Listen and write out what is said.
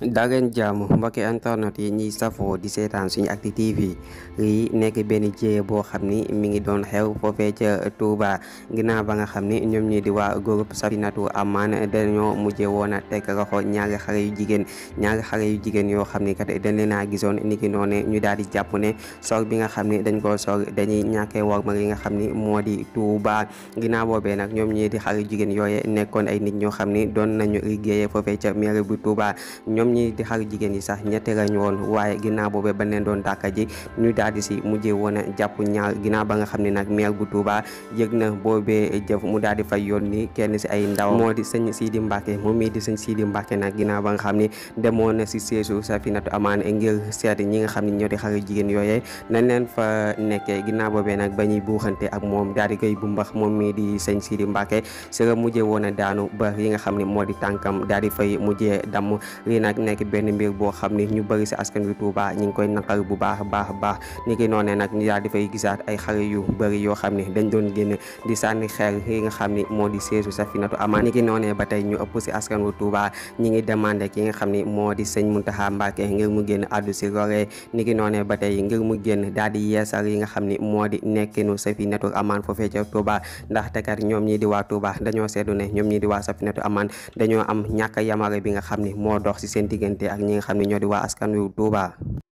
daleen jàmm mbokki internet yi ñiy safoo di seetaan suñu Actu TV yi nekk benn jéye boo xam ni mi ngi doon xew foofee ca Touba ginnaaw ba nga xam ni ñoom ñi di waa groupe Safinatoul Aman dañoo mujje woon a teg loxo ñaari xale yu jigéen ñaari xale yu jigéen yoo xam ni kat dañ leen a gisoon ni ki noone ñu daal di jàpp ne soog bi nga xam dañ koo soog dañuy ñàkkee war ma li nga xam ni moo di Touba ginnaaw boobee nag ñoom ñi di xale jigéen yooye nekkoon ay nit ñoo xam ni doon nañu liggéeyee foofee ca mairie bu Touba ñoom ñoom ñi di xaru jigéen yi sax ñetti lañ woon waaye ginnaaw boobee bañ leen doon dàkka ji ñu daal di si mujjee woon ba nga xam ne nag maire bu Touba yëg na boobee jëf mu daal di fay yoon ni kenn si ay ndaw moo di sëñ Sidi Mbacke moom mii di sëñ Sidi Mbacke nag ginnaaw ba xam ne demoon na si seesu Safinatu Amaan ngir seet ñi nga xam ne ñoo di xaru jigéen yooyee nañ leen fa nekkee ginnaaw boobee nag ba ñuy buuxante ak moom daal di koy moom mii di sëñ daanu ba yi nga xam ne moo di tànkam daal di fay mujjee damm lii nag nekk benn mbir boo xam ni ñu bëri si askan wi Touba ñu koy naqar bu baax baax baax ni ki noonee nag ñu daal di fay gisaat yu bëri yoo xam ne dañ doon génn di sànni xeer yi nga xam ni moo di seesu Safinatoul Aman ni ki noonee ba tey ñu ëpp si askan wi Touba ñi ngi demandé ki nga xam ni moo di sëñ Mountakha Mbacké ngir mu génn addu si roree ni ki noonee ba tey ngir mu génn daal di yeesal yi nga xam ni moo di nekkinu Safinatoul Aman foofee ca Touba ndax te kat ñoom ñi di waa Touba dañoo seetlu ne ñoom ñi di waa Safinatoul Aman dañoo am ñàkk yamare bi nga xam ni moo dox si seen diggante ak ñi nga xam ne ñoo di waa askan wi Touba.